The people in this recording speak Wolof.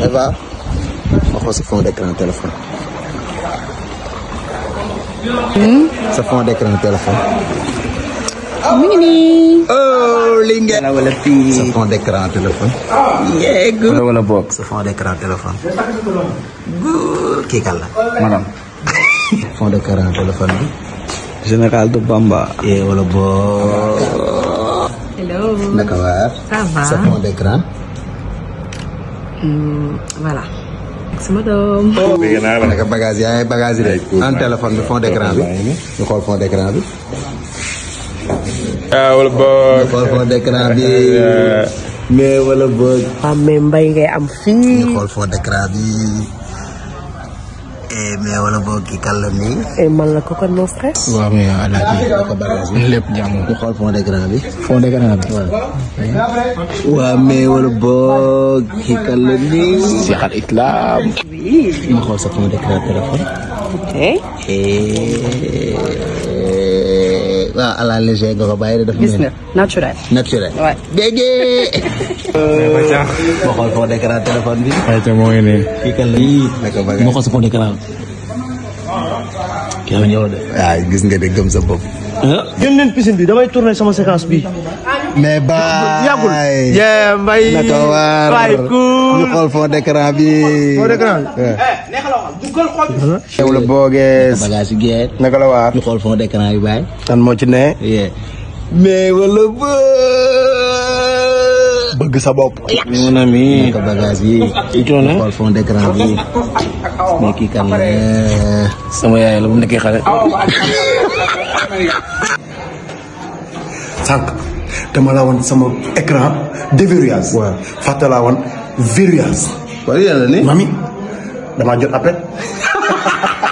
Eva ma xool sa fond d'écran téléphone. Hmm? sa fond d'écran téléphone. Oh, wala fii sa fond d'écran téléphone. général de Bamba. yee wala boog. hello. naka waar. fond d'écran. Mm, voilà. sama doom. dégg naa la naka bagage yaa ngi yi de. en téléphone bi fond d'écran bi. ñu xool fond d'écran bi. Ah, wala boog. ñu bi. Euh, mais wala boog. ah mais mbay ngay am fii. ñu xool fond d'écran bi. Eh, mais wala boog kii kan la nii. wala boog kii kan la nii. Cheikh Al Islam. oui. ma a sa fond de grand téléphone. Eh? Eh. pas à la légère nga ko de def. gis nga naturel. naturel ma xool foo déclaré téléphone bi. ayca moo ngi xool si foo déclaré. kii la gis nga de gëm sa bopp. ah. génn bi damay tourner sama séquence bi Nebai. Ya nah, eh. eh, gul. Nah, kan iya. iya. iya, nah, kan, eh. Ya bay. Nakawar. Laikul. Ñu xol fo dekk rabi. Fo dekk rabi. Eh, neex la wax. Jugal xol. Xewla boges. Bagage geet. Naka la waar. Ñu xol fo dekk rabi Tan mo ci ne? Yeah. Mais wala bëgg sa bopp mon ami bagage yi itu na xol fond de grand bi ki kan sama yaay la bu sank dama laa wan sama écran déverrouillage. waaw fàtte laa wan verrouillage. waaye yàlla ni mami damaa jot appel.